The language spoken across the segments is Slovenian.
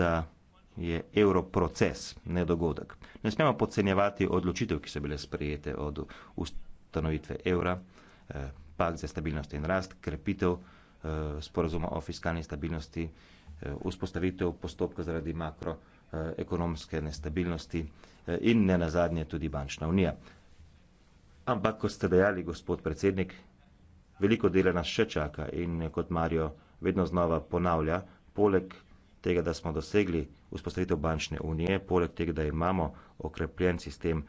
da je evro proces, ne dogodek. Ne smemo podcenjevati odločitev, ki so bile sprejete od ustanovitve evra, eh, pak za stabilnost in rast, krepitev eh, sporozuma o fiskalni stabilnosti, eh, vzpostavitev postopka zaradi makroekonomske eh, nestabilnosti eh, in ne nazadnje tudi bančna unija. Ampak, kot ste dejali, gospod predsednik, veliko dela nas še čaka in kot Mario vedno znova ponavlja, poleg tega, da smo dosegli vzpostavitev bančne unije, poleg tega, da imamo okrepljen sistem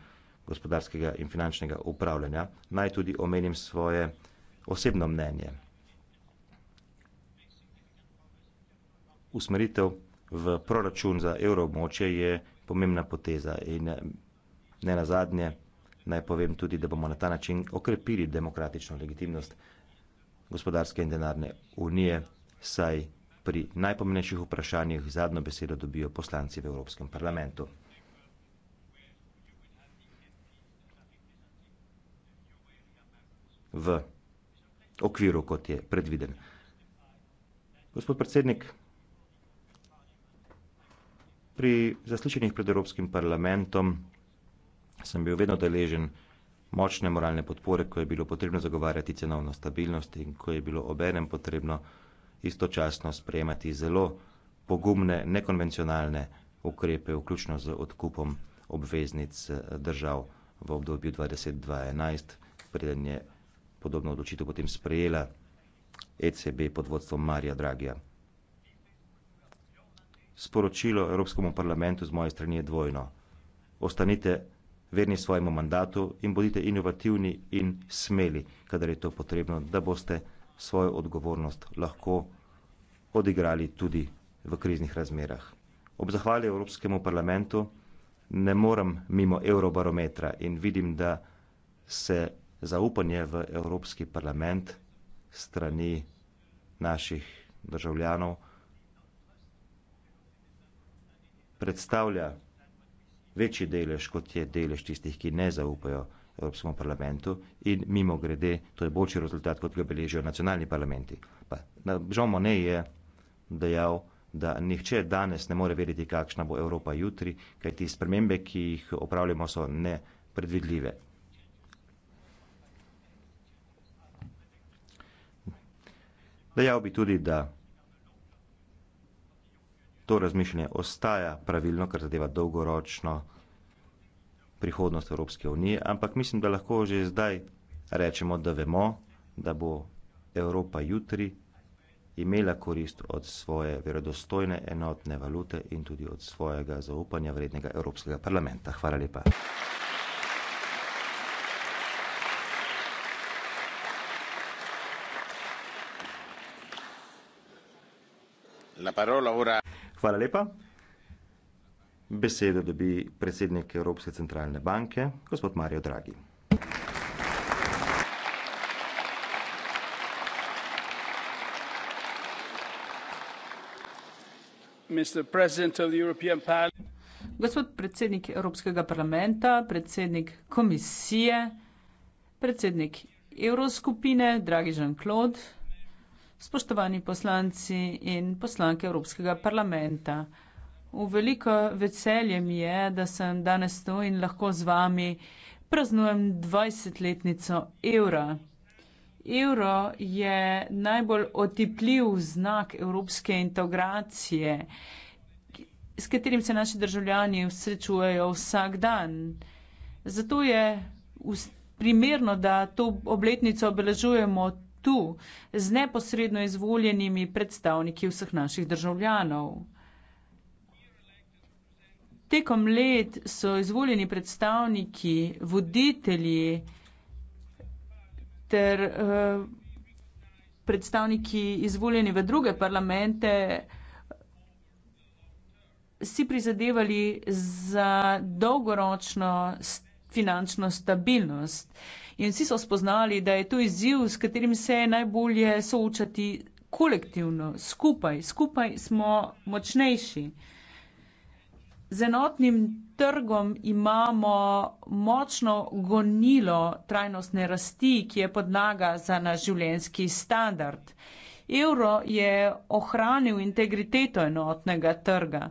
gospodarskega in finančnega upravljanja, naj tudi omenim svoje osebno mnenje. Usmeritev v proračun za evroobmočje je pomembna poteza in ne nazadnje naj povem tudi, da bomo na ta način okrepili demokratično legitimnost gospodarske in denarne unije, saj pri najpomenejših vprašanjih zadnjo besedo dobijo poslanci v Evropskem parlamentu. V okviru, kot je predviden. Gospod predsednik, pri zaslišanjih pred Evropskim parlamentom sem bil vedno deležen močne moralne podpore, ko je bilo potrebno zagovarjati cenovno stabilnost in ko je bilo obenem potrebno istočasno sprejemati zelo pogumne, nekonvencionalne ukrepe, vključno z odkupom obveznic eh, držav v obdobju 2020-2011, preden je podobno odločitev potem sprejela ECB pod vodstvom Marija Dragija. Sporočilo Evropskemu parlamentu z moje strani je dvojno. Ostanite verni svojemu mandatu in bodite inovativni in smeli, kadar je to potrebno, da boste svojo odgovornost lahko odigrali tudi v kriznih razmerah. Ob zahvali Evropskemu parlamentu ne morem mimo eurobarometra in vidim, da se zaupanje v Evropski parlament strani naših državljanov predstavlja večji delež, kot je delež tistih, ki ne zaupajo. Evropskemu parlamentu in mimo grede, to je boljši rezultat, kot ga beležijo nacionalni parlamenti. Pa, na, Jean Monnet je dejal, da nihče danes ne more vedeti, kakšna bo Evropa jutri, kajti spremembe, ki jih opravljamo, so nepredvidljive. Dejal bi tudi, da to razmišljanje ostaja pravilno, kar zadeva dolgoročno prihodnost Evropske unije, ampak mislim, da lahko že zdaj rečemo, da vemo, da bo Evropa jutri imela korist od svoje verodostojne enotne valute in tudi od svojega zaupanja vrednega Evropskega parlamenta. Hvala lepa. Hvala lepa. Besedo dobi predsednik Evropske centralne banke, gospod Mario Draghi. Gospod predsednik Evropskega parlamenta, predsednik komisije, predsednik Evroskupine, dragi Jean-Claude, spoštovani poslanci in poslanke Evropskega parlamenta. V veliko veselje mi je, da sem danes tu in lahko z vami praznujem 20-letnico evra. Evro je najbolj otipljiv znak evropske integracije, s katerim se naši državljani srečujejo vsak dan. Zato je primerno, da to obletnico obeležujemo tu z neposredno izvoljenimi predstavniki vseh naših državljanov tekom let so izvoljeni predstavniki, voditelji ter eh, predstavniki izvoljeni v druge parlamente si prizadevali za dolgoročno finančno stabilnost. In vsi so spoznali, da je to izziv, s katerim se je najbolje soočati kolektivno, skupaj, skupaj smo močnejši. Z enotnim trgom imamo močno gonilo trajnostne rasti, ki je podlaga za naš življenski standard. Evro je ohranil integriteto enotnega trga.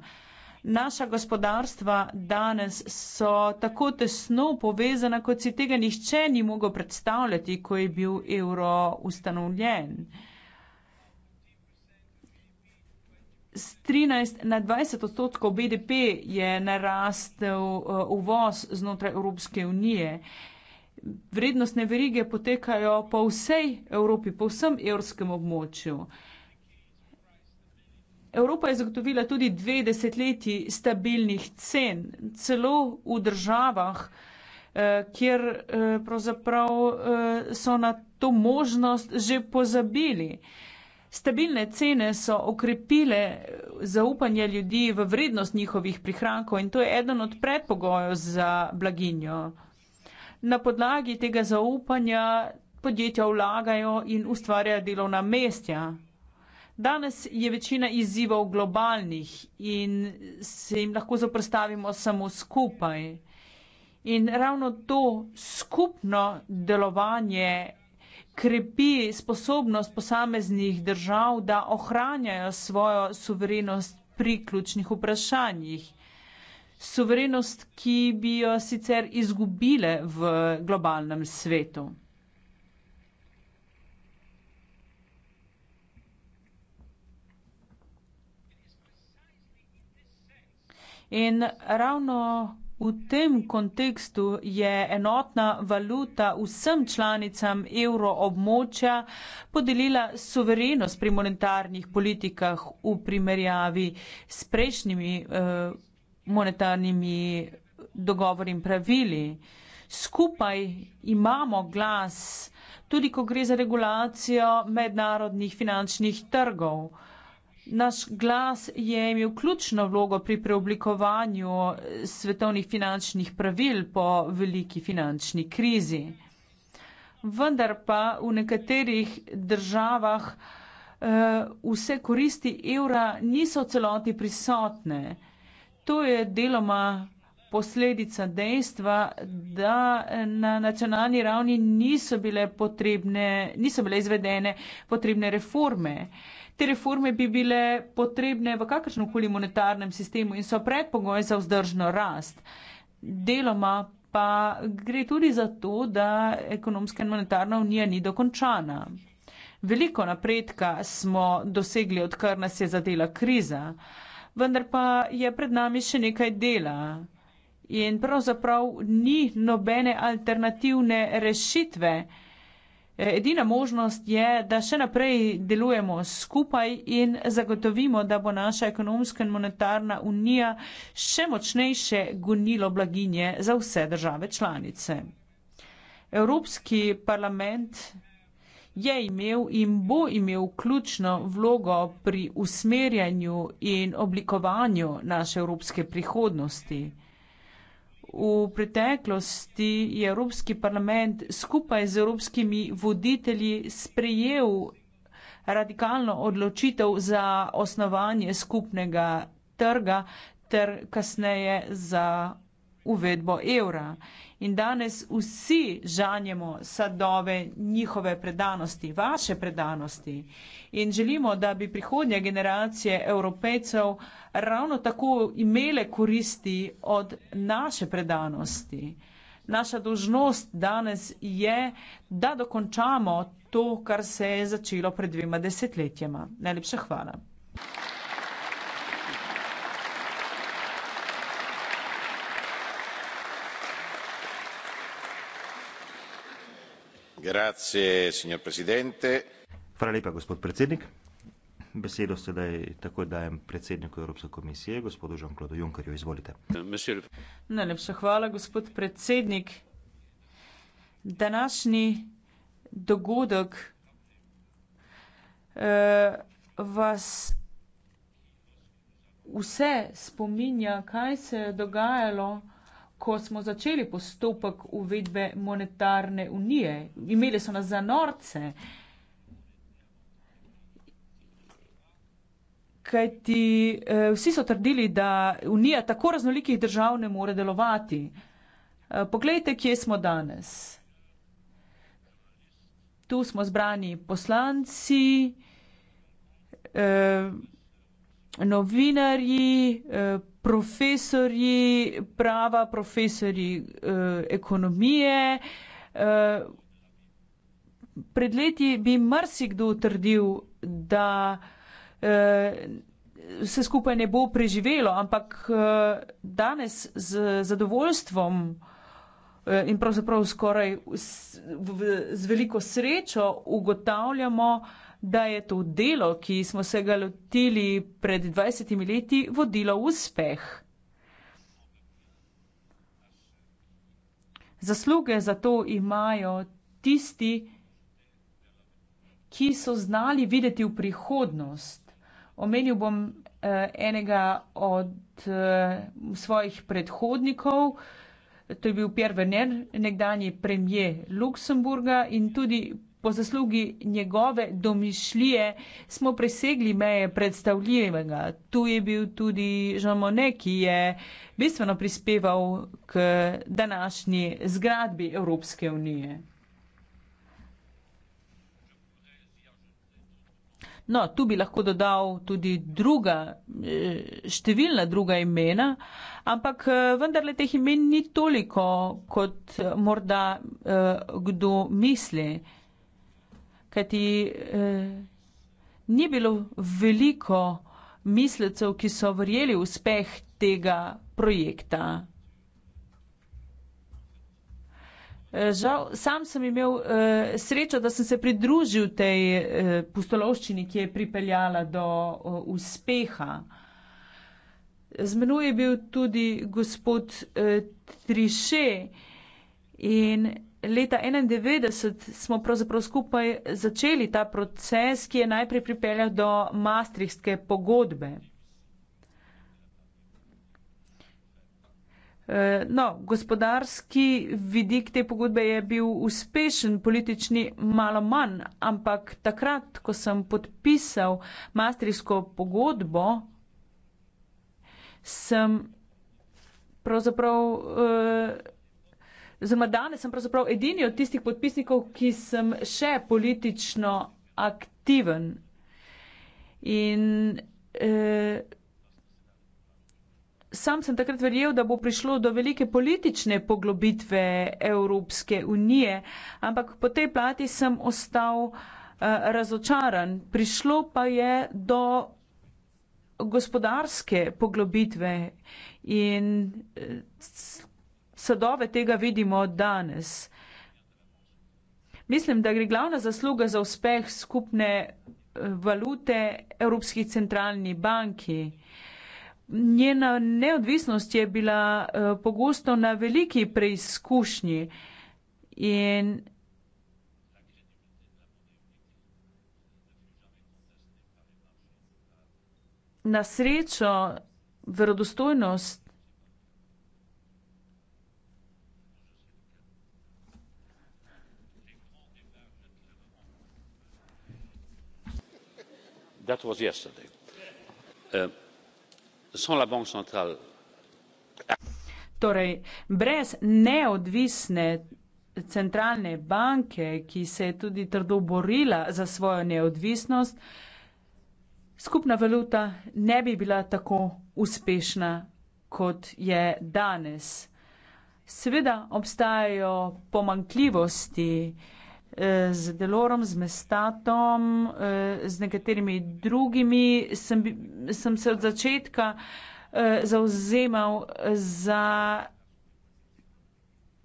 Naša gospodarstva danes so tako tesno povezana, kot si tega nihče ni mogel predstavljati, ko je bil evro ustanovljen. Z 13 na 20 odstotkov BDP je narastel eh, uvoz znotraj Evropske unije. Vrednostne verige potekajo po vsej Evropi, po vsem evropskem območju. Evropa je zagotovila tudi dve desetletji stabilnih cen, celo v državah, eh, kjer eh, pravzaprav so na to možnost že pozabili. Stabilne cene so okrepile zaupanje ljudi v vrednost njihovih prihrankov in to je eden od predpogojev za blaginjo. Na podlagi tega zaupanja podjetja vlagajo in ustvarjajo delovna mestja. Danes je večina izzivov globalnih in se jim lahko zaprstavimo samo skupaj. In ravno to skupno delovanje krepi sposobnost posameznih držav, da ohranjajo svojo suverenost pri ključnih vprašanjih. Suverenost, ki bi jo sicer izgubile v globalnem svetu. In ravno V tem kontekstu je enotna valuta vsem članicam evroobmočja podelila soverenost pri monetarnih politikah v primerjavi s prejšnjimi eh, monetarnimi dogovori in pravili. Skupaj imamo glas tudi, ko gre za regulacijo mednarodnih finančnih trgov. Naš glas je imel ključno vlogo pri preoblikovanju eh, svetovnih finančnih pravil po veliki finančni krizi. Vendar pa v nekaterih državah eh, vse koristi evra niso v celoti prisotne. To je deloma posledica dejstva, da eh, na nacionalni ravni niso bile, potrebne, niso bile izvedene potrebne reforme. Te reforme bi bile potrebne v kakršnem koli monetarnem sistemu in so predpogoj za vzdržno rast. Deloma pa gre tudi za to, da ekonomska in monetarna unija ni dokončana. Veliko napredka smo dosegli, odkar nas je zadela kriza, vendar pa je pred nami še nekaj dela. In pravzaprav ni nobene alternativne rešitve, Eh, edina možnost je, da še naprej delujemo skupaj in zagotovimo, da bo naša ekonomska in monetarna unija še močnejše gonilo blaginje za vse države članice. Evropski parlament je imel in bo imel ključno vlogo pri usmerjanju in oblikovanju naše evropske prihodnosti. V preteklosti je Evropski parlament skupaj z evropskimi voditelji sprejel radikalno odločitev za osnovanje skupnega trga ter kasneje za uvedbo evra. In danes vsi žanjemo sadove njihove predanosti, vaše predanosti. In želimo, da bi prihodnje generacije evropejcev ravno tako imele koristi od naše predanosti. Naša dožnost danes je, da dokončamo to, kar se je začelo pred dvema desetletjema. Najlepša hvala. gospod predsednik besedo sedaj takoj dajem predsedniku evropske komisije gospodu jean claudu junckerju izvolite. najlepša hvala gospod predsednik današnji dogodek eh, vas vse spominja kaj se je dogajalo ko smo začeli postopek uvedbe monetarne unije. Imeli so nas za norce. Kaj ti eh, vsi so trdili, da unija tako raznolikih držav ne more delovati. Eh, poglejte, kje smo danes. Tu smo zbrani poslanci, eh, novinarji, eh, profesori prava, profesori eh, ekonomije. Eh, pred leti bi marsikdo trdil, da eh, se skupaj ne bo preživelo, ampak eh, danes z zadovoljstvom eh, In pravzaprav skoraj z, v, z veliko srečo ugotavljamo, uh, da je to delo, ki smo se ga lotili pred 20 leti, vodilo v uspeh. Zasluge za to imajo tisti, ki so znali videti v prihodnost. Omenil bom eh, enega od eh, svojih predhodnikov, to je bil Pierre Werner, nekdanji premijer Luksemburga in tudi Po zaslugi njegove domišljije smo presegli meje predstavljivega. Tu je bil tudi Jean Monnet, ki je bistveno prispeval k današnji zgradbi Evropske unije. No, tu bi lahko dodal tudi druga, eh, številna druga imena, ampak eh, vendarle teh imen ni toliko, kot eh, morda kdo misli kajti eh, ni bilo veliko mislecev, ki so verjeli v uspeh tega projekta. Eh, žal, sam sem imel eh, srečo, da sem se pridružil tej eh, pustolovščini, ki je pripeljala do eh, uspeha. Z menoj je bil tudi gospod eh, Triše in leta 1991 smo pravzaprav skupaj začeli ta proces, ki je najprej pripeljal do Maastrichtske pogodbe. Eh, no, gospodarski vidik te pogodbe je bil uspešen, politični malo manj, ampak takrat, ko sem podpisal Maastrichtsko pogodbo, sem pravzaprav uh, Zdaj, danes sem pravzaprav edini od tistih podpisnikov, ki sem še politično aktiven. In eh, sam sem takrat verjel, da bo prišlo do velike politične poglobitve Evropske unije, ampak po tej plati sem ostal eh, razočaran. Prišlo pa je do gospodarske poglobitve in. Eh, sadove tega vidimo danes. Mislim, da gre glavna zasluga za uspeh skupne eh, valute Evropski centralni banki. Njena neodvisnost je bila eh, pogosto na veliki preizkušnji in na srečo verodostojnost that was yesterday uh, sans la banque centrale Torej, brez neodvisne centralne banke, ki se je tudi trdo borila za svojo neodvisnost, skupna valuta ne bi bila tako uspešna, kot je danes. Seveda obstajajo pomankljivosti, eh, Eh, z Delorom, z Mestatom, eh, z nekaterimi drugimi, sem, sem se od začetka eh, zauzemal za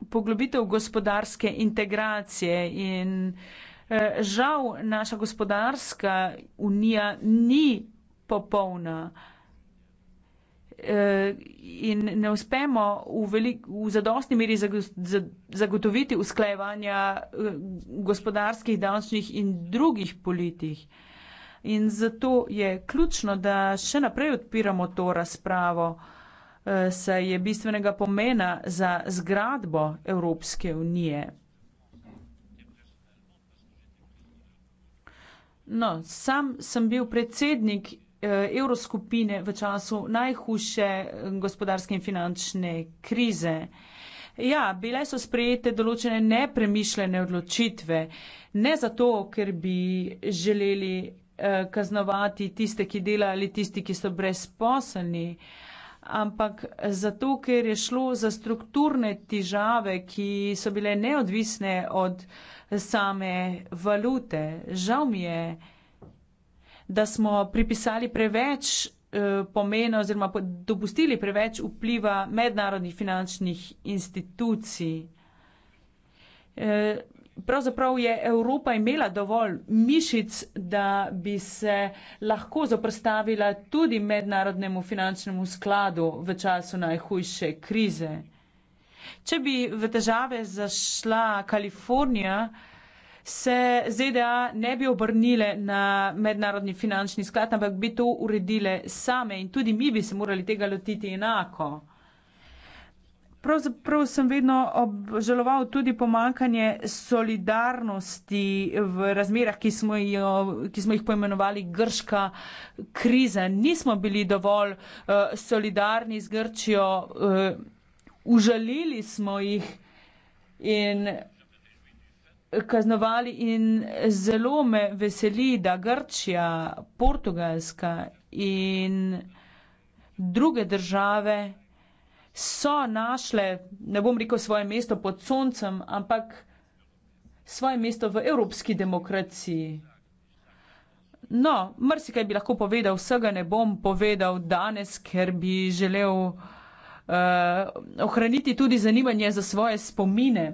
poglobitev gospodarske integracije in žal naša gospodarska unija ni popolna in ne uspemo v, velik, v zadostni meri zagotoviti usklajevanja eh, gospodarskih, davčnih in drugih politik. In zato je ključno, da še naprej odpiramo to razpravo, eh, saj je bistvenega pomena za zgradbo Evropske unije. No, sam sem bil predsednik Eh, evroskupine v času najhujše eh, gospodarske in finančne krize. Ja, bile so sprejete določene nepremišljene odločitve, ne zato, ker bi želeli eh, kaznovati tiste, ki delajo ali tisti, ki so brezposelni, ampak zato, ker je šlo za strukturne težave, ki so bile neodvisne od same valute. Žal mi je, da smo pripisali preveč eh, pomena oziroma dopustili preveč vpliva mednarodnih finančnih institucij. Eh, pravzaprav je Evropa imela dovolj mišic, da bi se lahko zoprstavila tudi mednarodnemu finančnemu skladu v času najhujše krize. Če bi v težave zašla Kalifornija, se ZDA ne bi obrnile na mednarodni finančni sklad, ampak bi to uredile same in tudi mi bi se morali tega lotiti enako. Pravzaprav sem vedno obžaloval tudi pomankanje solidarnosti v razmerah, ki smo, jo, ki smo jih poimenovali grška kriza. Nismo bili dovolj uh, solidarni z Grčijo, uh, užalili smo jih in kaznovali in zelo me veseli, da Grčija, Portugalska in druge države so našle, ne bom rekel svoje mesto pod soncem, ampak svoje mesto v evropski demokraciji. No, mrsikaj bi lahko povedal, vsega ne bom povedal danes, ker bi želel uh, ohraniti tudi zanimanje za svoje spomine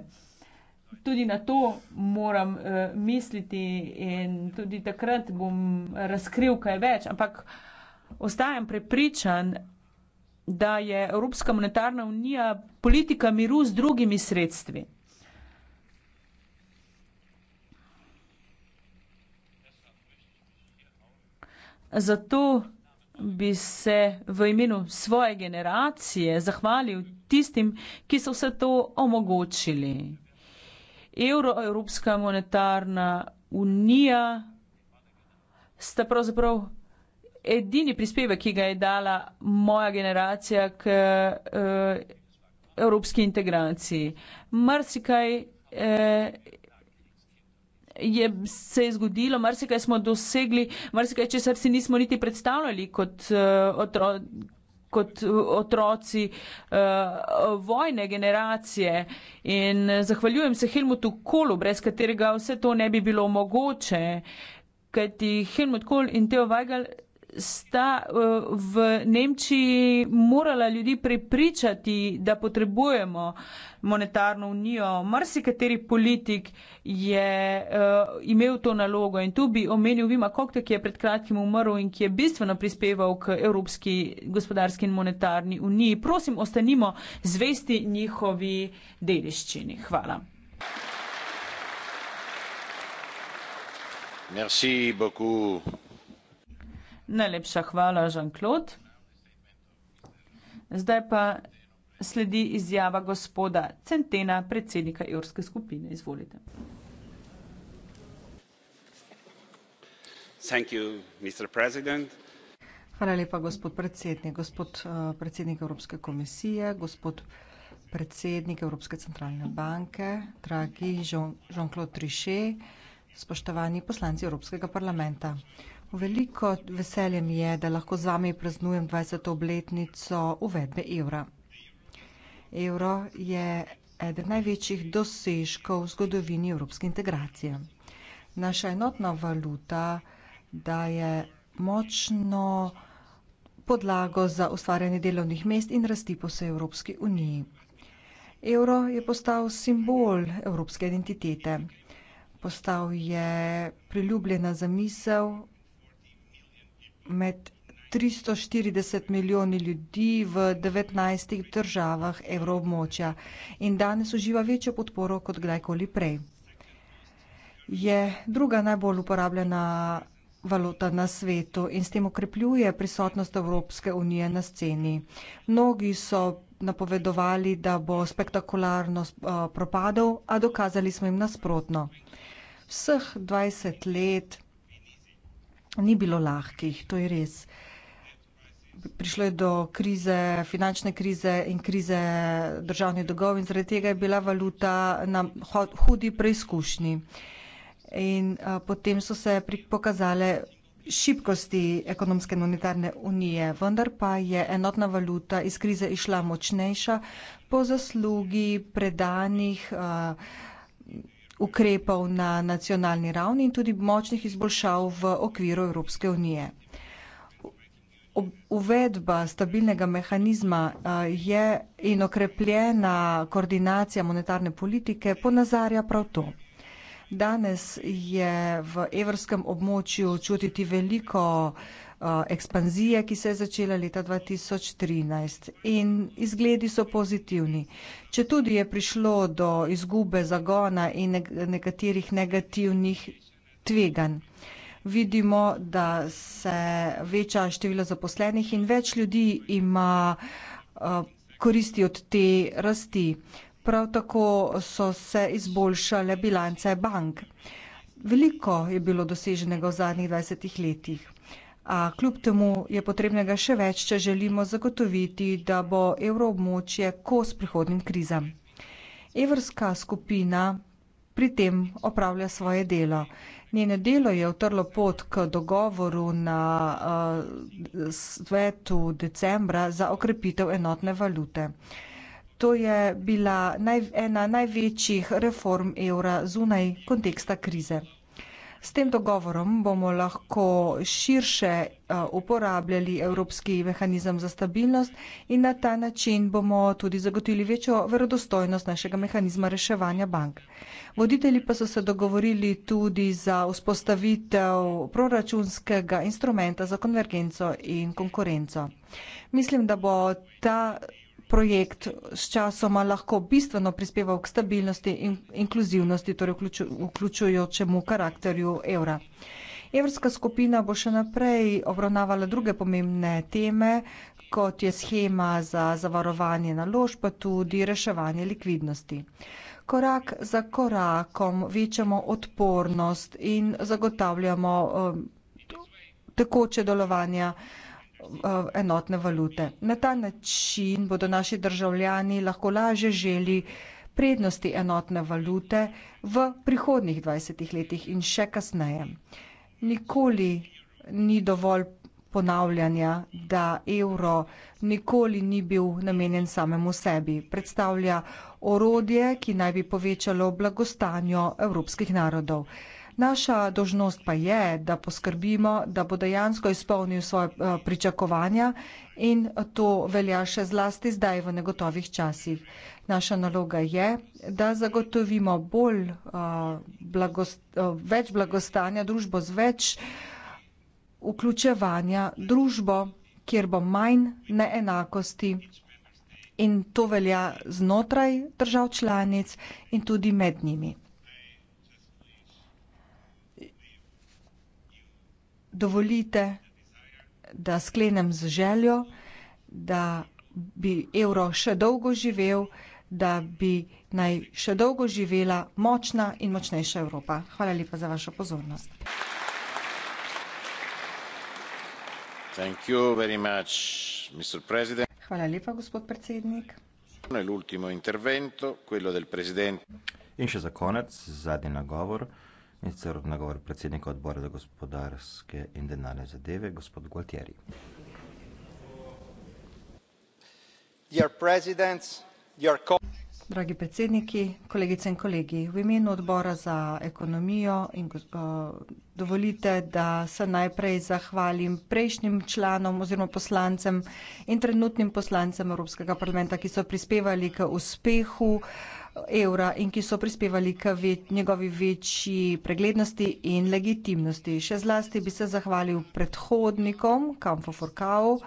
tudi na to moram uh, misliti in tudi takrat bom razkril kaj več. Ampak ostajam prepričan, da je Evropska monetarna unija politika miru z drugimi sredstvi. Zato bi se v imenu svoje generacije zahvalil tistim, ki so vse to omogočili evro, Evropska monetarna unija, sta pravzaprav edini prispevek, ki ga je dala moja generacija k eh, evropski integraciji. Marsikaj eh, je, se je zgodilo, marsikaj smo dosegli, marsikaj, če se nismo niti predstavljali kot eh, otroci, kot otroci uh, vojne generacije. In zahvaljujem se Helmutu Kolu, brez katerega vse to ne bi bilo mogoče. Kajti Helmut Kohl in Teo Weigel sta eh, v Nemčiji morala ljudi prepričati, da potrebujemo monetarno unijo. Marsikateri politik je uh, imel to nalogo in tu bi omenil Vima Kokta, ki je pred kratkim umrl in ki je bistveno prispeval k Evropski gospodarski in monetarni uniji. Prosim, ostanimo zvesti njihovi dediščini. Hvala. Merci beaucoup, Najlepša hvala, Jean-Claude. Zdaj pa sledi izjava gospoda Centena, predsednika Evropske skupine. Izvolite. Hvala lepa, gospod predsednik. Gospod eh, predsednik Evropske komisije, gospod predsednik Evropske centralne banke, dragi Jean-Claude Trichet, spoštovani poslanci Evropskega parlamenta. Veliko veseljem je, da lahko z vami praznujem 20. obletnico uvedbe evra. Evro je eden največjih dosežkov v zgodovini evropske integracije. Naša enotna valuta daje močno podlago za ustvarjanje delovnih mest in rasti po vsej Evropski uniji. Evro je postal simbol evropske identitete. Postal je priljubljena zamisel med 340 milijoni ljudi v 19 državah evroobmočja in danes uživa večjo podporo kot kdajkoli prej. Je druga najbolj uporabljena valuta na svetu in s tem okrepljuje prisotnost Evropske unije na sceni. Mnogi so napovedovali, da bo spektakularno eh, propadel, a dokazali smo jim nasprotno. Vseh 20 let Ni bilo lahkih, to je res. Prišlo je do krize, finančne krize in krize državnih dolgov in zaradi tega je bila valuta na hudi preizkušnji. In a, potem so se pokazale šibkosti ekonomske in monetarne unije, vendar pa je enotna valuta iz krize išla močnejša po zaslugi predanih. A, ukrepov na nacionalni ravni in tudi močnih izboljšav v okviru Evropske unije. Uvedba stabilnega mehanizma je in okrepljena koordinacija monetarne politike ponazarja prav to. Danes je v evrskem območju čutiti veliko Eh, ekspanzije, ki se je začela leta 2013 in izgledi so pozitivni. Če tudi je prišlo do izgube zagona in nekaterih negativnih tveganj, vidimo, da se veča število zaposlenih in več ljudi ima eh, koristi od te rasti. Prav tako so se izboljšale bilance bank. Veliko je bilo doseženega v zadnjih 20 letih. A kljub temu je potrebnega še več, če želimo zagotoviti, da bo evroobmočje kos prihodnim krizam. Evrska skupina pri tem opravlja svoje delo. Njene delo je utrlo pot k dogovoru na uh, svetu decembra za okrepitev enotne valute. To je bila naj, ena največjih reform evra zunaj konteksta krize. S tem dogovorom bomo lahko širše eh, uporabljali evropski mehanizem za stabilnost in na ta način bomo tudi zagotovili večjo verodostojnost našega mehanizma reševanja bank. Voditelji pa so se dogovorili tudi za vzpostavitev proračunskega instrumenta za konvergenco in konkurenco. Mislim, da bo ta projekt sčasoma lahko bistveno prispeval k stabilnosti in inkluzivnosti, torej vključujočemu karakterju evra. Evrska skupina bo še naprej obravnavala druge pomembne teme, kot je schema za zavarovanje naložb, pa tudi reševanje likvidnosti. Korak za korakom večamo odpornost in zagotavljamo um, tekoče delovanja uh, Eh, enotne valute. Na ta način bodo naši državljani lahko laže želi prednosti enotne valute v prihodnih 20 letih in še kasneje. Nikoli ni dovolj ponavljanja, da evro nikoli ni bil namenjen samemu sebi. Predstavlja orodje, ki naj bi povečalo blagostanjo evropskih narodov. Naša dožnost pa je, da poskrbimo, da bo dejansko izpolnil svoje eh, pričakovanja in to velja še zlasti zdaj v negotovih časih. Naša naloga je, da zagotovimo bolj, eh, blagost, eh, več blagostanja, družbo z več vključevanja, družbo, kjer bo manj neenakosti. In to velja znotraj držav članic in tudi med njimi. dovolite, da sklenem z željo, da bi evro še dolgo živel, da bi naj še dolgo živela močna in močnejša Evropa. Hvala lepa za vašo pozornost. Hvala lepa, gospod predsednik. In še za konec, zadnji nagovor in sicer ob nagovor predsednika odbora za gospodarske in denarne zadeve, gospod Gualtieri. Dear presidents, dear colleagues. Dragi predsedniki, kolegice in kolegi, v imenu odbora za ekonomijo in uh, dovolite, da se najprej zahvalim prejšnjim članom oziroma poslancem in trenutnim poslancem Evropskega parlamenta, ki so prispevali k uspehu uh, evra in ki so prispevali k več, njegovi večji preglednosti in legitimnosti. Še zlasti bi se zahvalil predhodnikom Kampo Forkau,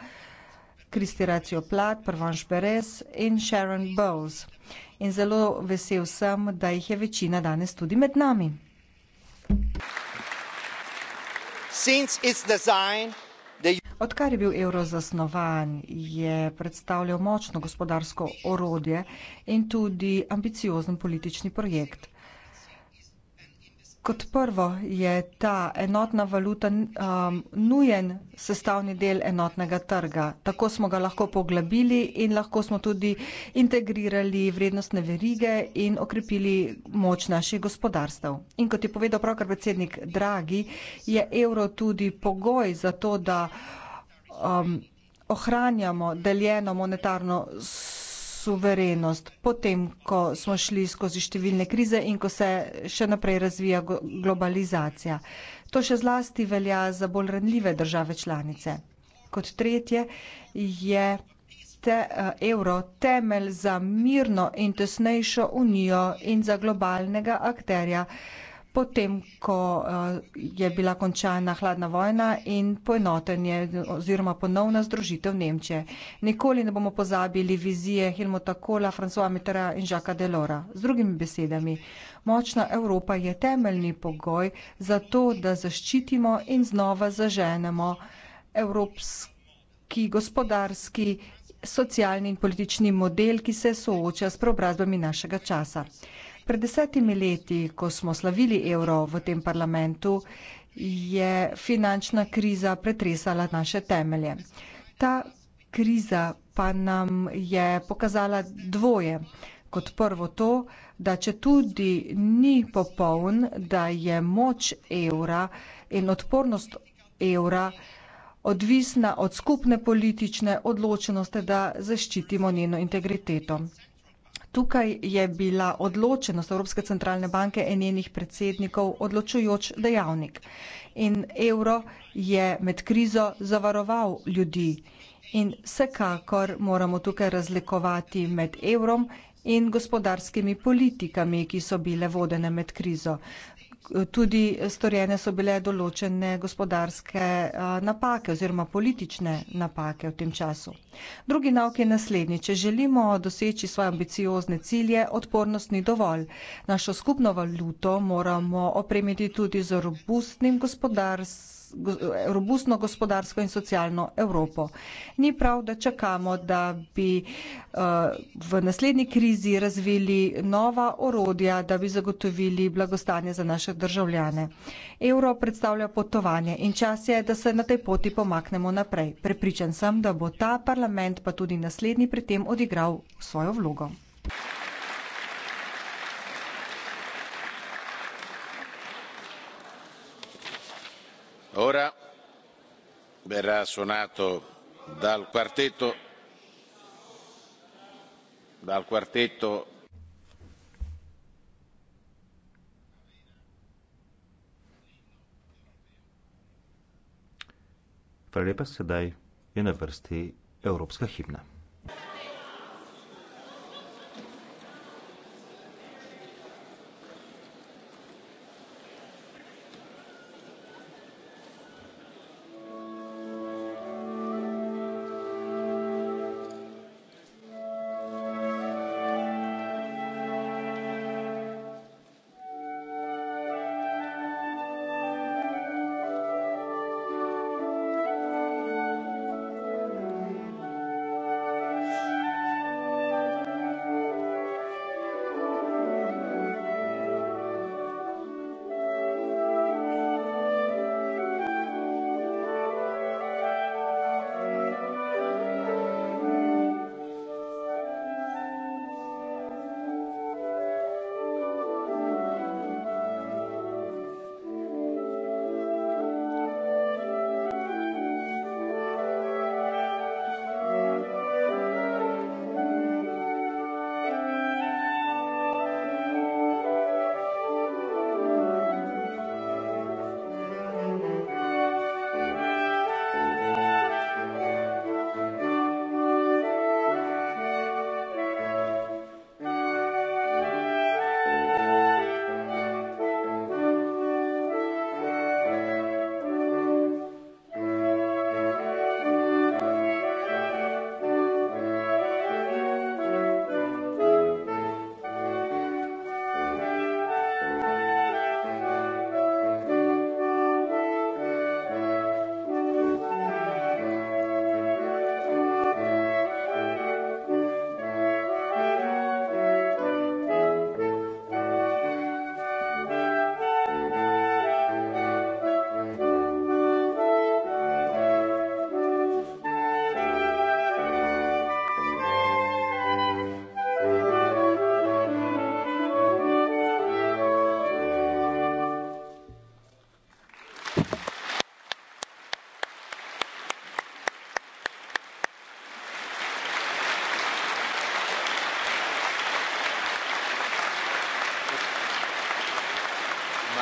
Kristi Racio Plat, Prvanš Perez in Sharon Bowles in zelo vesel sem, da jih je večina danes tudi med nami. Odkar je bil evro zasnovan, je predstavljal močno gospodarsko orodje in tudi ambiciozen politični projekt. Kot prvo je ta enotna valuta um, nujen sestavni del enotnega trga. Tako smo ga lahko poglabili in lahko smo tudi integrirali vrednostne verige in okrepili moč naših gospodarstv. In kot je povedal pravkar predsednik Dragi, je evro tudi pogoj za to, da um, ohranjamo deljeno monetarno. So suverenost, potem, ko smo šli skozi številne krize in ko se še naprej razvija globalizacija. To še zlasti velja za bolj ranljive države članice. Kot tretje je te, eh, evro temelj za mirno in tesnejšo unijo in za globalnega akterja, potem, ko eh, je bila končana hladna vojna in poenotenje oziroma ponovna združitev Nemčije. Nikoli ne bomo pozabili vizije Helmuta Kola, François Mitterrand in Jacques Delora. Z drugimi besedami, močna Evropa je temeljni pogoj za to, da zaščitimo in znova zaženemo evropski gospodarski socialni in politični model, ki se sooča s preobrazbami našega časa. Pred desetimi leti, ko smo slavili evro v tem parlamentu, je finančna kriza pretresala naše temelje. Ta kriza pa nam je pokazala dvoje. Kot prvo to, da če tudi ni popoln, da je moč evra in odpornost evra odvisna od skupne politične odločenosti, da zaščitimo njeno integriteto. Tukaj je bila odločenost Evropske centralne banke in njenih predsednikov odločujoč dejavnik. In evro je med krizo zavaroval ljudi. In vsekakor moramo tukaj razlikovati med evrom in gospodarskimi politikami, ki so bile vodene med krizo tudi storjene so bile določene gospodarske eh, napake oziroma politične napake v tem času. Drugi nauk je naslednji. Če želimo doseči svoje ambiciozne cilje, odpornost ni dovolj. Našo skupno valuto moramo opremiti tudi z robustnim gospodarstvom robustno gospodarsko in socialno Evropo. Ni prav, da čakamo, da bi eh, v naslednji krizi razvili nova orodja, da bi zagotovili blagostanje za naše državljane. Euro predstavlja potovanje in čas je, da se na tej poti pomaknemo naprej. Prepričan sem, da bo ta parlament pa tudi naslednji pri tem odigral svojo vlogo. Thank you. ora verrà suonato dal quartetto dal quartetto prelepa sedaj je na vrsti evropska himna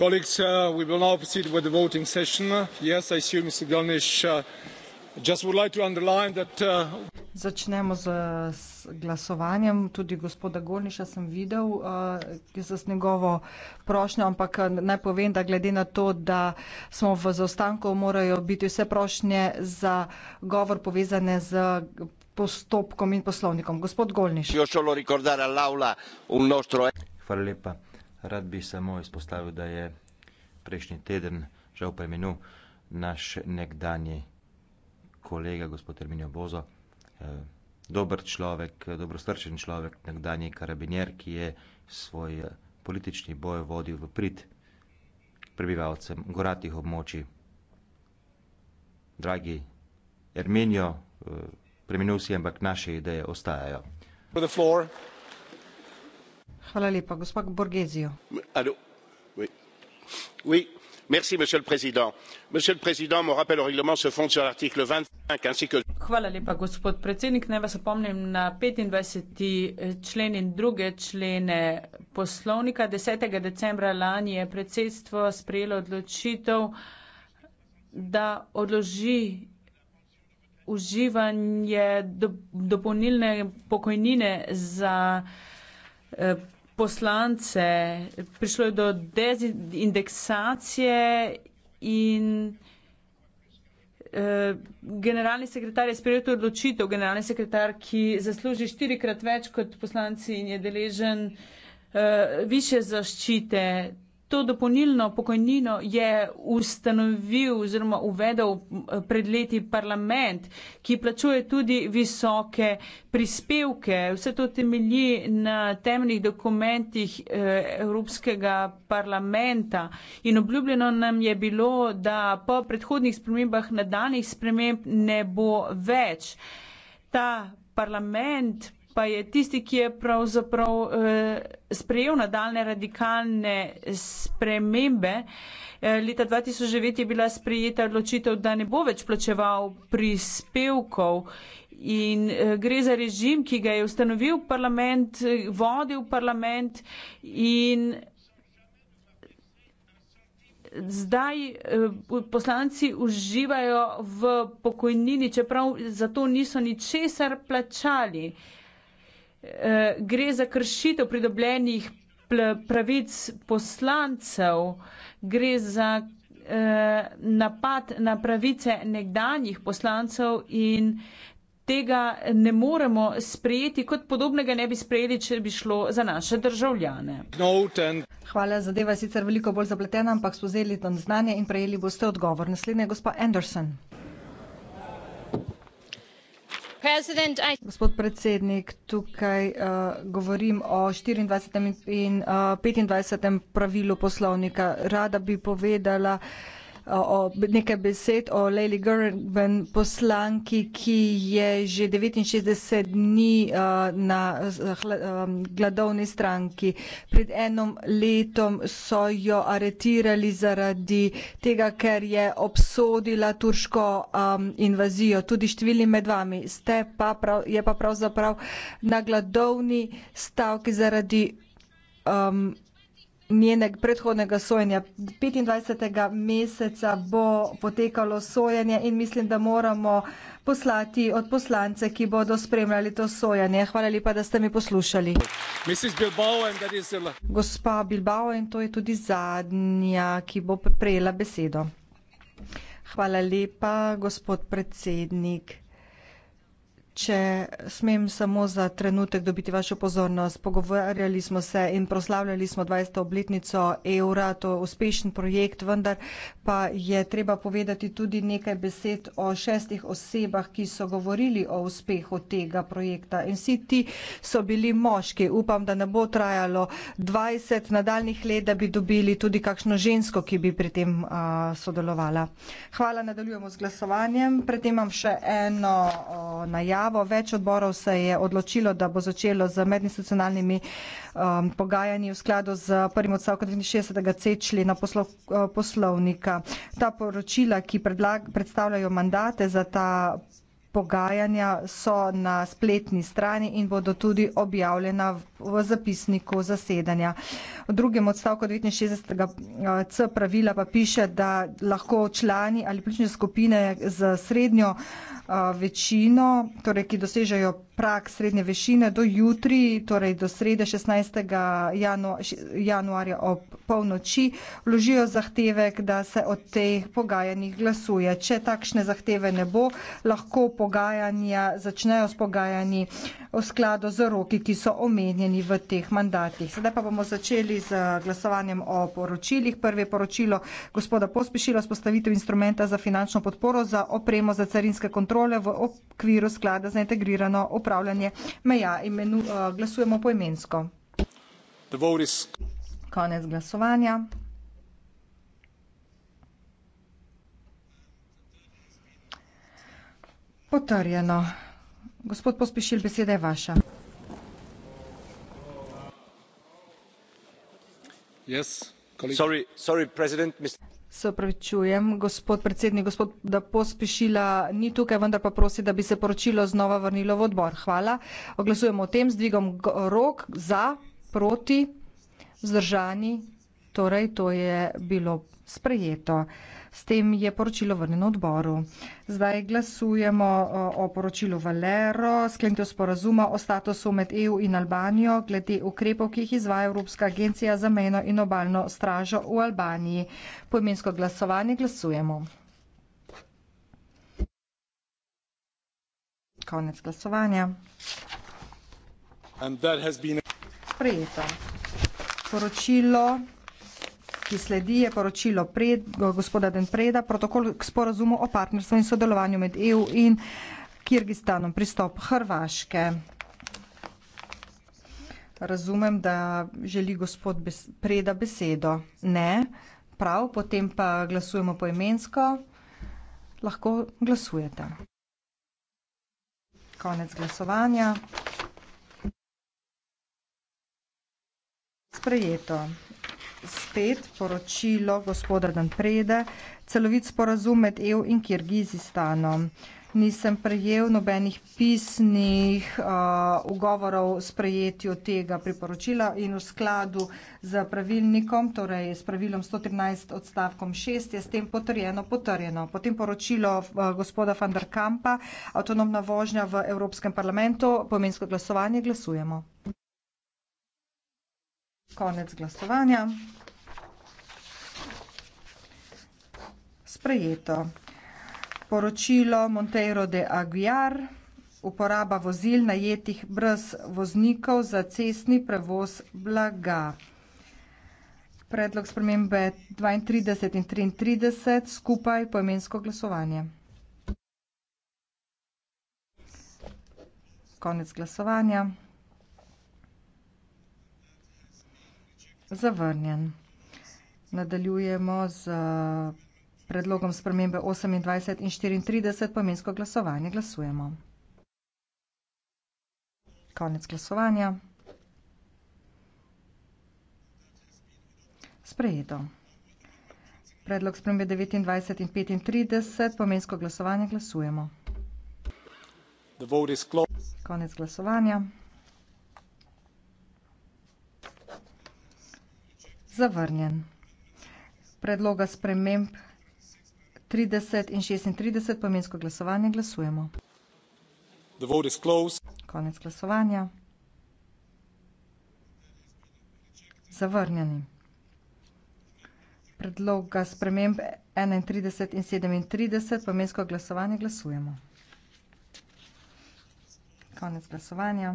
Colleagues, uh, we will now proceed with the voting session. Yes, I assume Mr. Galnish uh, just would like to underline that. Uh... Začnemo z, z glasovanjem. Tudi gospoda Golniša sem videl uh, za njegovo prošnjo, ampak uh, naj povem, da glede na to, da smo v zaostanku, morajo biti vse prošnje za govor povezane z postopkom in poslovnikom. Gospod Golniš. Hvala lepa. Rad bi samo izpostavil, da je prejšnji teden, žal preminul, naš nekdani kolega, gospod Terminio Bozo, eh, dober človek, dobrostrčen človek, nekdani karabinjer, ki je svoj eh, politični boj vodil v prid prebivalcem goratih območij. Dragi Erminio, eh, preminul si, ampak naše ideje ostajajo. For the floor monsieur le président monsieur le président mon rappel au règlement se fonde sur l'article vingt cinq ainsi que. hvala lepa gospod predsednik naj vas opomnim na petindvajset eh, člen in druge člene poslovnika desetega decembra lani je predsedstvo sprejelo odločitev da odloži uživanje dopolnilne pokojnine za eh, poslance, prišlo je do dezindeksacije in eh, generalni sekretar je sprejel to odločitev, generalni sekretar, ki zasluži štirikrat več kot poslanci in je deležen uh, više zaščite. To dopolnilno pokojnino je ustanovil oziroma uvedel eh, pred leti parlament, ki plačuje tudi visoke prispevke. Vse to temelji na temeljnih dokumentih eh, Evropskega parlamenta in obljubljeno nam je bilo, da po predhodnih spremembah nadaljnih sprememb ne bo več. Ta parlament pa je tisti, ki je pravzaprav eh, sprejel nadaljne radikalne spremembe. Eh, leta 2009 je bila sprejeta odločitev, da ne bo več plačeval prispevkov in eh, gre za režim, ki ga je ustanovil parlament, eh, vodil parlament in Zdaj eh, poslanci uživajo v pokojnini, čeprav za to niso ničesar plačali. Uh, Eh, gre za kršitev pridobljenih pravic poslancev, gre za eh, napad na pravice nekdanjih poslancev in tega ne moremo sprejeti, kot podobnega ne bi sprejeli, če bi šlo za naše državljane. Hvala, zadeva je sicer veliko bolj zapletena, ampak spozeli to znanje in prejeli boste odgovor. Naslednja je gospa Anderson gospod predsednik tukaj eh, govorim o štiriindvajsetem in eh, petindvajsetem pravilu poslovnika. rada bi povedala o, nekaj besed o Leili Gurban poslanki, ki je že 69 dni uh, na uh, gladovni stranki. Pred enom letom so jo aretirali zaradi tega, ker je obsodila turško um, invazijo. Tudi številni med vami ste pa, prav, pa pravzaprav na gladovni stavki zaradi. Um, njenega predhodnega sojenja. 25. meseca bo potekalo sojenje in mislim, da moramo poslati od poslance, ki bodo spremljali to sojenje. Hvala lepa, da ste mi poslušali. Gospa Bilbao in to je tudi zadnja, ki bo prejela besedo. Hvala lepa, gospod predsednik. Če smem samo za trenutek dobiti vašo pozornost, pogovarjali smo se in proslavljali smo 20. obletnico evra, to je uspešen projekt, vendar pa je treba povedati tudi nekaj besed o šestih osebah, ki so govorili o uspehu tega projekta. In vsi ti so bili moški. Upam, da ne bo trajalo 20 nadaljnih let, da bi dobili tudi kakšno žensko, ki bi pri tem a, sodelovala. Hvala, nadaljujemo z glasovanjem. Pred tem imam še eno najavljanje izjavo. Več odborov se je odločilo, da bo začelo z medinstitucionalnimi um, pogajanji v skladu z prvim odstavkom 62.c člena poslov, poslovnika. Ta poročila, ki predlag, predstavljajo mandate za ta pogajanja, so na spletni strani in bodo tudi objavljena v v zapisniku zasedanja. V drugem odstavku 69.c eh, pravila pa piše, da lahko člani ali plične skupine z srednjo eh, večino, torej ki dosežejo prak srednje višine do jutri, torej do srede 16. januarja ob polnoči, vložijo zahtevek, da se od teh pogajanjih glasuje. Če takšne zahteve ne bo, lahko pogajanja začnejo s pogajanji v skladu z roki, ki so omenjeni omenjeni v teh mandatih. Sedaj pa bomo začeli z glasovanjem o poročilih. Prvo je poročilo gospoda Pospešila, spostavitev instrumenta za finančno podporo za opremo za carinske kontrole v okviru sklada za integrirano upravljanje meja. Imenu, eh, glasujemo poimensko. Konec glasovanja. Potrjeno. Gospod Pospešil, beseda je vaša. se opravičujem gospod predsednik gospod da pospešila ni tukaj vendar pa prosi da bi se poročilo znova vrnilo v odbor hvala oglasujem o tem z dvigom rok za proti vzdržani in tako naprej. Torej, to je bilo sprejeto. S tem je poročilo vrnjeno odboru. Zdaj glasujemo o poročilu Valero, sklenitev sporazuma o statusu med EU in Albanijo glede ukrepov, ki jih izvaja Evropska agencija za mejno in obaljno stražo v Albaniji. Poimensko glasovanje glasujemo. Konec glasovanja. Sprejeto. Poročilo ki sledi, je poročilo pred, gospoda Denpreda, protokol k sporazumu o partnerstvu in sodelovanju med EU in Kyrgyzstanom, pristop Hrvaške. Razumem, da želi gospod bes Preda besedo. Ne, prav, potem pa glasujemo poimensko. Lahko glasujete. Konec glasovanja. Sprejeto spet poročilo gospoda Danprede, celovit sporazum med EU in Kirgizistanom. Nisem prejel nobenih pisnih uh, ugovorov s prejetjo tega priporočila in v skladu z pravilnikom, torej s pravilom 113 odstavkom 6, je s tem potrjeno, potrjeno. Potem poročilo uh, gospoda van der Kampa, avtonomna vožnja v Evropskem parlamentu, pomensko glasovanje, glasujemo konec glasovanja. Sprejeto. Poročilo Monteiro de Aguiar. Uporaba vozil najetih brez voznikov za cestni prevoz blaga. Predlog spremembe 32 in 33 skupaj poimensko glasovanje. Konec glasovanja. Zavrnjen. Nadaljujemo z eh, predlogom spremembe 28 in 34 pomensko glasovanje. Glasujemo. Konec glasovanja. Sprejeto. Predlog spremembe 29 in 35 pomensko glasovanje. Glasujemo. Konec glasovanja. zavrnjen. Predloga sprememb 30 in 36 pomensko glasovanje glasujemo. The vote is closed. Konec glasovanja. Zavrnjeni. Predloga sprememb 31 in 37 pomensko glasovanje glasujemo. Konec glasovanja.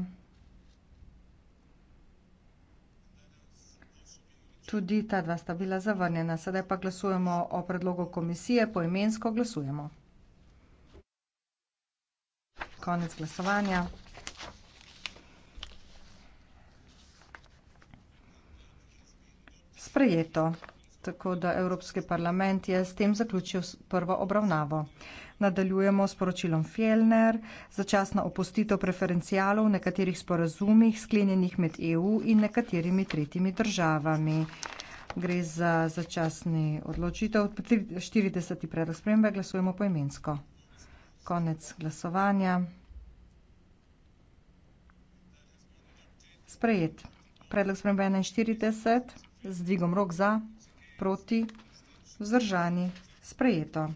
tudi ta dva sta bila zavrnjena. Sedaj pa glasujemo o predlogu komisije, poimensko glasujemo. Konec glasovanja. Sprejeto. Tako da Evropski parlament je s tem zaključil prvo obravnavo. Nadaljujemo s poročilom Fjellner. Začasna opustitev preferencialov v nekaterih sporazumih, sklenjenih med EU in nekaterimi tretjimi državami. Gre za začasni odločitev. 40. predlog spremembe glasujemo poimensko. Konec glasovanja. Sprejet. Predlog spremembe 41 z dvigom rok za, proti, vzdržani. Sprejeto.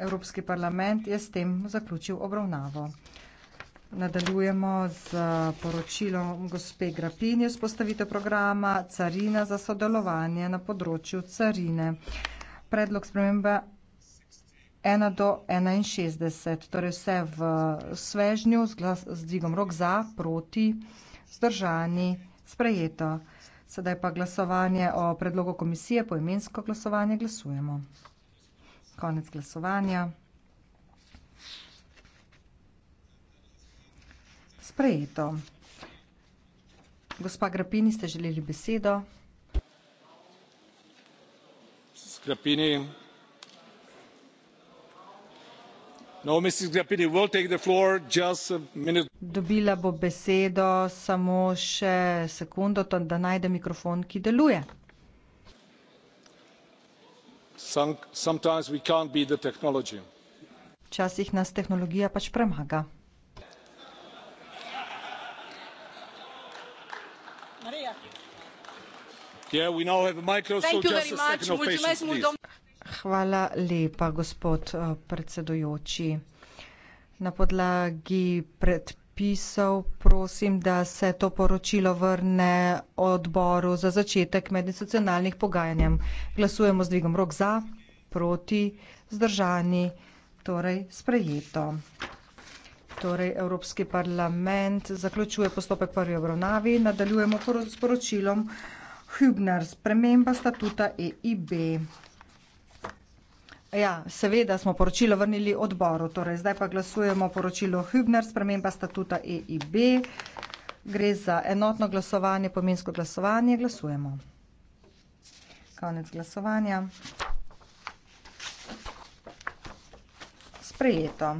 Evropski parlament je s tem zaključil obravnavo. Nadaljujemo z eh, poročilom gospe Grapini vzpostavitev programa Carina za sodelovanje na področju carine. Predlog spremembe 1 do 61, torej vse v svežnju z, glas, z dvigom rok za, proti, zdržani, sprejeto. Sedaj pa glasovanje o predlogu komisije, poimensko glasovanje glasujemo konec glasovanja. Sprejeto. Gospa Grapini, ste želeli besedo? Grapini. No, Grapini, we'll take the floor just a Dobila bo besedo samo še sekundo, da najde mikrofon, ki deluje. Včasih nas tehnologija pač premaga. No Hvala lepa, gospod, eh, predsedujoči. Na podlagi podpisov, prosim, da se to poročilo vrne odboru za začetek medinstitucionalnih pogajanjem. Glasujemo z dvigom rok za, proti, zdržani, torej sprejeto. Torej, Evropski parlament zaključuje postopek prvi obravnavi. Nadaljujemo s poročilom Hübner, sprememba statuta EIB. Ja, seveda smo poročilo vrnili odboru, torej zdaj pa glasujemo poročilo Hübner, sprememba statuta EIB. Gre za enotno glasovanje, pomensko glasovanje, glasujemo. Konec glasovanja. Sprejeto.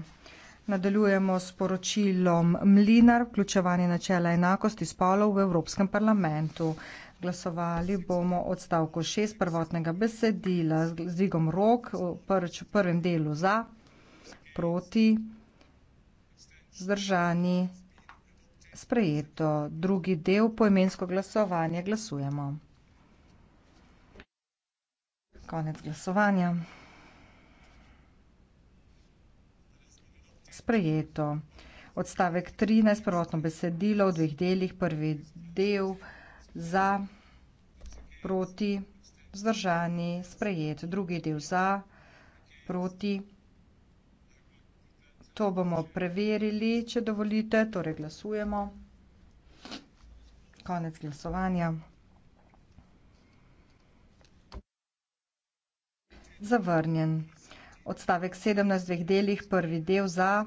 Nadaljujemo s poročilom Mlinar, vključevanje načela enakosti spolov v Evropskem parlamentu. Glasovali bomo odstavku šest prvotnega besedila z dvigom rok prč, v prvem delu za, proti, zdržani, sprejeto. Drugi del poimensko glasovanje glasujemo. Konec glasovanja. Sprejeto. Odstavek trinajst prvotno besedilo v dveh delih, prvi del za, proti, vzdržani, sprejet, drugi del za, proti. To bomo preverili, če dovolite, torej glasujemo. Konec glasovanja. Zavrnjen. Odstavek 17 dveh delih, prvi del za,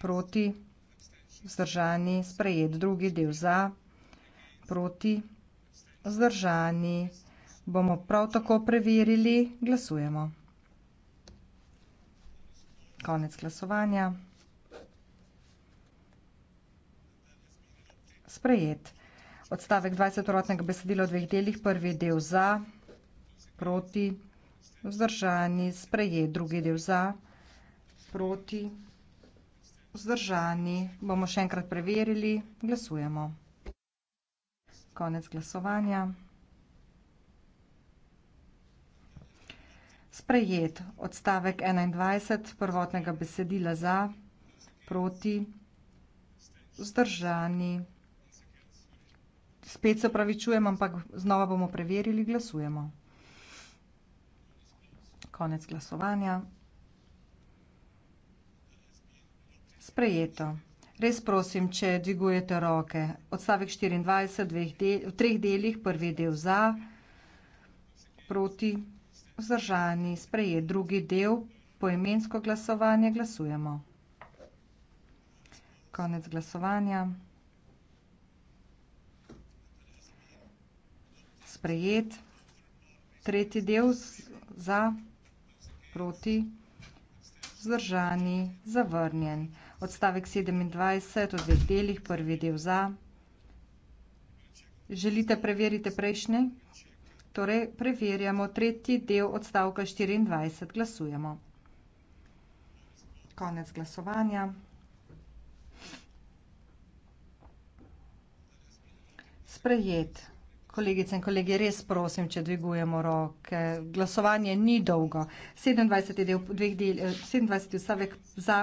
proti, vzdržani, sprejet, drugi del za, proti proti, zdržani. Bomo prav tako preverili, glasujemo. Konec glasovanja. Sprejet. Odstavek 20. rotnega besedila v dveh delih. Prvi del za, proti, vzdržani, sprejet. Drugi del za, proti, vzdržani. Bomo še enkrat preverili, glasujemo. Konec glasovanja. Sprejet odstavek 21 prvotnega besedila za, proti, vzdržani. Spet se opravičujem, ampak znova bomo preverili, glasujemo. Konec glasovanja. Sprejeto. Res prosim, če dvigujete roke. Odstavek 24, dveh del, v treh delih, prvi del za, proti, vzdržani, sprejet. Drugi del, poimensko glasovanje, glasujemo. Konec glasovanja. Sprejet. Tretji del za, proti, vzdržani, zavrnjen odstavek 27 v dveh delih, prvi del za. Želite preveriti prejšnji? Torej, preverjamo tretji del odstavka 24. Glasujemo. Konec glasovanja. Sprejet. Kolegice in kolegi, res prosim, če dvigujemo roke. Glasovanje ni dolgo. 27. Del, dveh del, 27. Eh, stavek za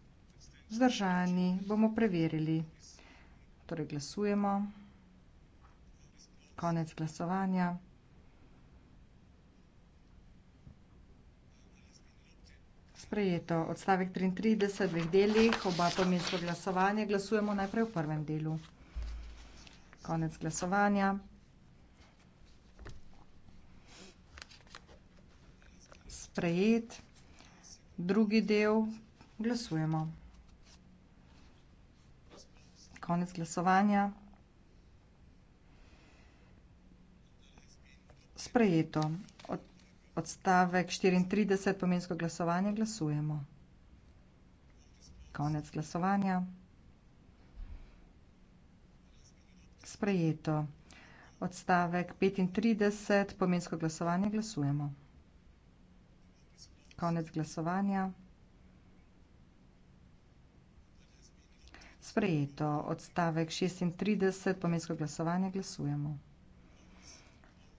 Zdržani bomo preverili. Torej glasujemo. Konec glasovanja. Sprejeto. Odstavek 33 dveh delih. Oba pomesto glasovanje. Glasujemo najprej v prvem delu. Konec glasovanja. Sprejet. Drugi del. Glasujemo konec glasovanja. Sprejeto. Odstavek 34, pomensko glasovanje, glasujemo. Konec glasovanja. Sprejeto. Odstavek 35, pomensko glasovanje, glasujemo. Konec glasovanja. sprejeto. Odstavek 36, pomensko glasovanje, glasujemo.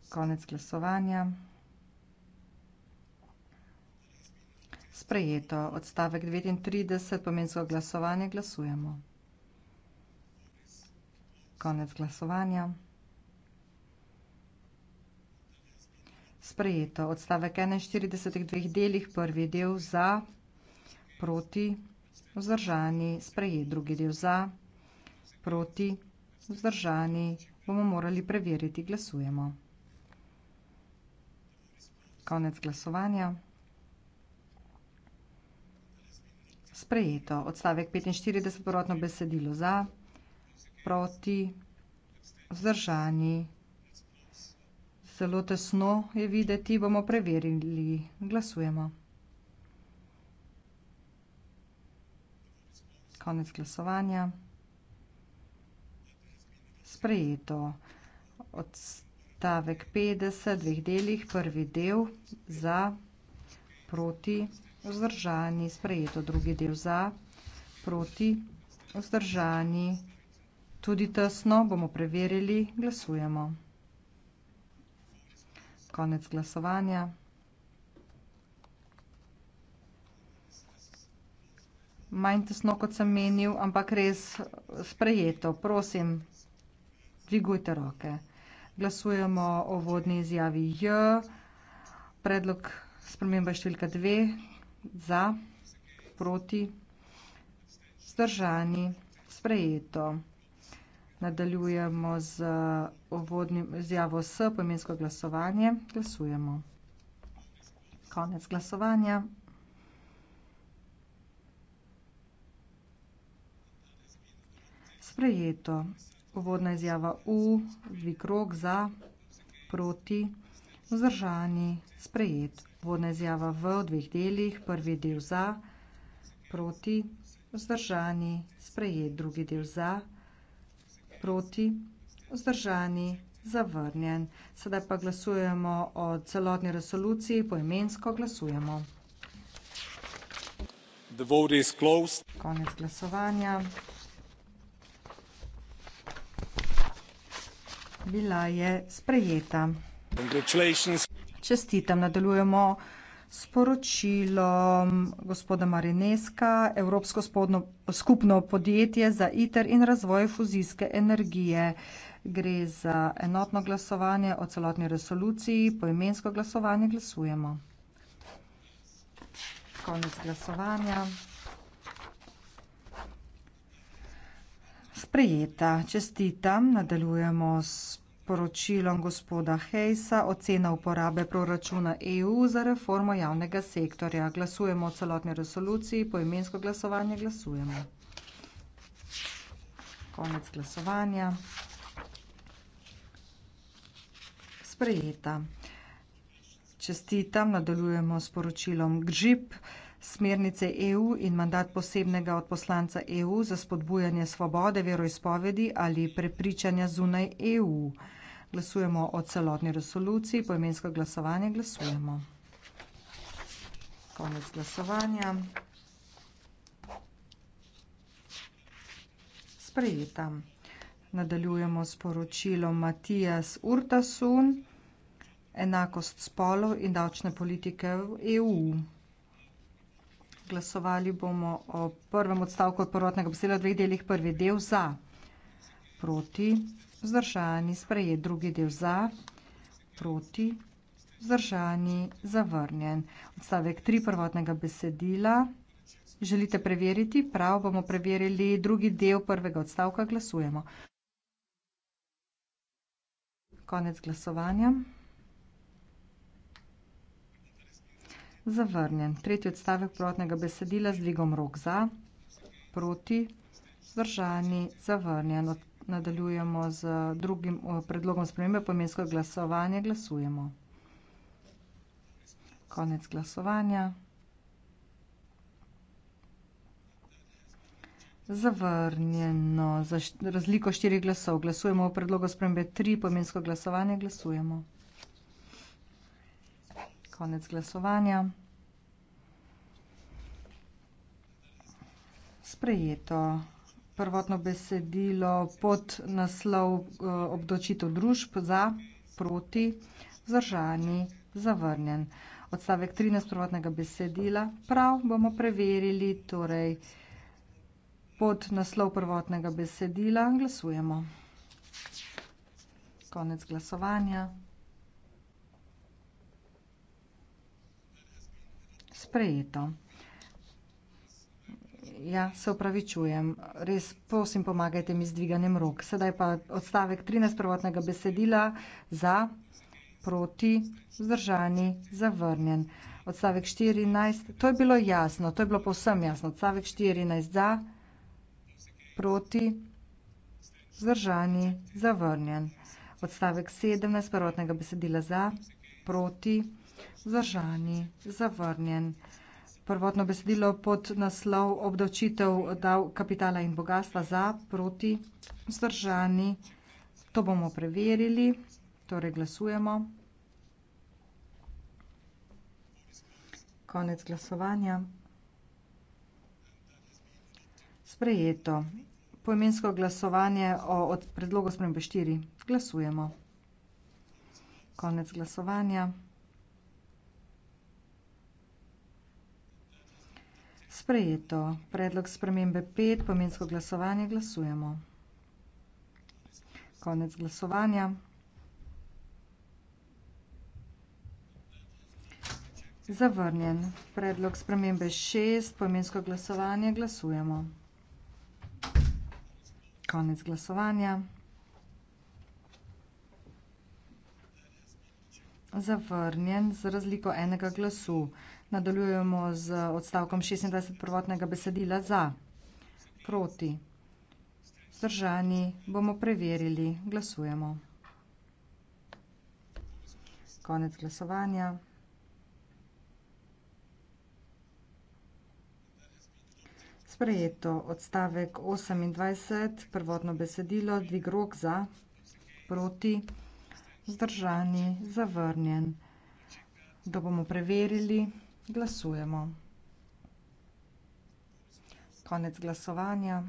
Konec glasovanja. Sprejeto. Odstavek 39, pomensko glasovanje, glasujemo. Konec glasovanja. Sprejeto. Odstavek 41 v dveh delih. Prvi del za, proti vzdržani, sprejet drugi del za, proti, vzdržani, bomo morali preveriti, glasujemo. Konec glasovanja. Sprejeto. Odstavek 45, prvotno besedilo za, proti, vzdržani. Zelo tesno je videti, bomo preverili, glasujemo. konec glasovanja. Sprejeto. Odstavek 50, dveh delih, prvi del za, proti, vzdržani. Sprejeto, drugi del za, proti, vzdržani. Tudi tesno bomo preverili, glasujemo. Konec glasovanja. manj tesno, kot sem menil, ampak res sprejeto. Prosim, dvigujte roke. Glasujemo o vodni izjavi J. Predlog spremembe številka 2. Za, proti, zdržani, sprejeto. Nadaljujemo z ovodnim izjavo S, pomensko glasovanje. Glasujemo. Konec glasovanja. sprejeto. Uvodna izjava U, dvig rok za, proti, vzdržani, sprejet. Uvodna izjava V v dveh delih, prvi del za, proti, vzdržani, sprejet. Drugi del za, proti, vzdržani, zavrnjen. Sedaj pa glasujemo o celotni resoluciji, poimensko glasujemo. The vote is closed. Konec glasovanja. Bila je sprejeta. Čestitam, nadaljujemo sporočilo gospoda Marineska, Evropsko spodno, skupno podjetje za ITER in razvoj fuzijske energije. Gre za enotno glasovanje o celotni resoluciji, poimensko glasovanje glasujemo. Konec glasovanja. Sprejeta. Čestitam. Nadaljujemo s poročilom gospoda Hejsa. Ocena uporabe proračuna EU za reformo javnega sektorja. Glasujemo o celotni resoluciji. Po imensko glasovanje glasujemo. Konec glasovanja. Sprejeta. Čestitam. Nadaljujemo s poročilom GŽIP. Smernice EU in mandat posebnega odposlanca EU za spodbujanje svobode veroizpovedi ali prepričanja zunaj EU. Glasujemo o celotni resoluciji, poimensko glasovanje glasujemo. Konec glasovanja. Sprejeta. Nadaljujemo s poročilom Matijas Urtasun, enakost spolov in davčne politike v EU. Glasovali bomo o prvem odstavku od prvotnega besedila v dveh delih. Prvi del za, proti, vzdržani, sprejet. Drugi del za, proti, vzdržani, zavrnjen. Odstavek tri prvotnega besedila. Želite preveriti? Prav, bomo preverili drugi del prvega odstavka. Glasujemo. Konec glasovanja. Zavrnjen. Tretji odstavek prvotnega besedila z dvigom rok za, proti, zdržani, zavrnjen. Nadaljujemo z drugim predlogom spremembe pomensko glasovanje. Glasujemo. Konec glasovanja. Zavrnjeno za razliko štirih glasov. Glasujemo o predlogu spremembe tri pomensko glasovanje. Glasujemo konec glasovanja. Sprejeto prvotno besedilo pod naslov eh, obdočitev družb za, proti, vzdržani, zavrnjen. Odstavek 13 prvotnega besedila prav bomo preverili, torej pod naslov prvotnega besedila glasujemo. Konec glasovanja. sprejeto. Ja, se upravičujem. Res prosim, pomagajte mi z dviganjem rok. Sedaj pa odstavek 13. prvotnega besedila za, proti, vzdržani, zavrnjen. Odstavek 14. To je bilo jasno, to je bilo povsem jasno. Odstavek 14. za, proti, vzdržani, zavrnjen. Odstavek 17. prvotnega besedila za, proti, vzdržani, zavrnjen zdržani, zavrnjen. Prvotno besedilo pod naslov obdavčitev dav kapitala in bogatstva za, proti, zdržani. To bomo preverili, torej glasujemo. Konec glasovanja. Sprejeto. Poimensko glasovanje o od predlogu spremembe 4. Glasujemo. Konec glasovanja. Sprejeto. Predlog spremembe 5, pomensko glasovanje, glasujemo. Konec glasovanja. Zavrnjen. Predlog spremembe 6, pomensko glasovanje, glasujemo. Konec glasovanja. Zavrnjen z razliko enega glasu. Nadaljujemo z odstavkom 26 prvotnega besedila za, proti, zdržani, bomo preverili, glasujemo. Konec glasovanja. Sprejeto odstavek 28, prvotno besedilo, dvig rok za, proti, zdržani, zavrnjen. Da bomo preverili, glasujemo glasujemo. Konec glasovanja.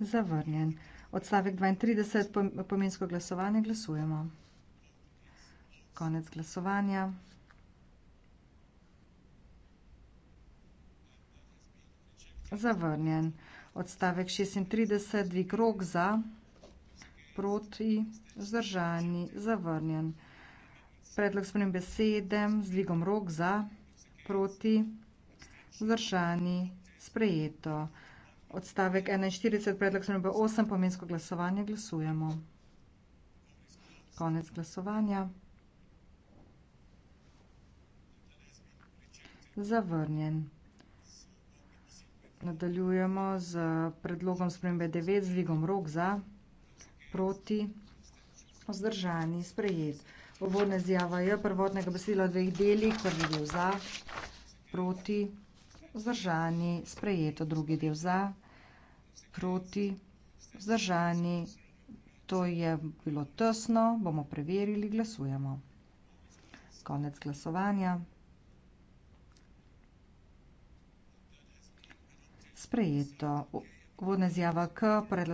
Zavrnjen. Odstavek 32, pomensko glasovanje, glasujemo. Konec glasovanja. Zavrnjen. Odstavek 36, dvig rok za, proti, zdržani, zavrnjen. Zavrnjen. Predlog spremem besedem z dvigom rok za, proti, vzdržani, sprejeto. Odstavek 41, predlog spremem besedem 8, pomensko glasovanje, glasujemo. Konec glasovanja. Zavrnjen. Nadaljujemo z predlogom spremem besedem 9, z dvigom rok za, proti, vzdržani, sprejeto. Obvodne zjava je prvotnega besedila v dveh delih, prvi del za, proti, vzdržani, sprejeto, drugi del za, proti, vzdržani, to je bilo tesno, bomo preverili, glasujemo. Konec glasovanja. Sprejeto. Vodna zjava K predlaga.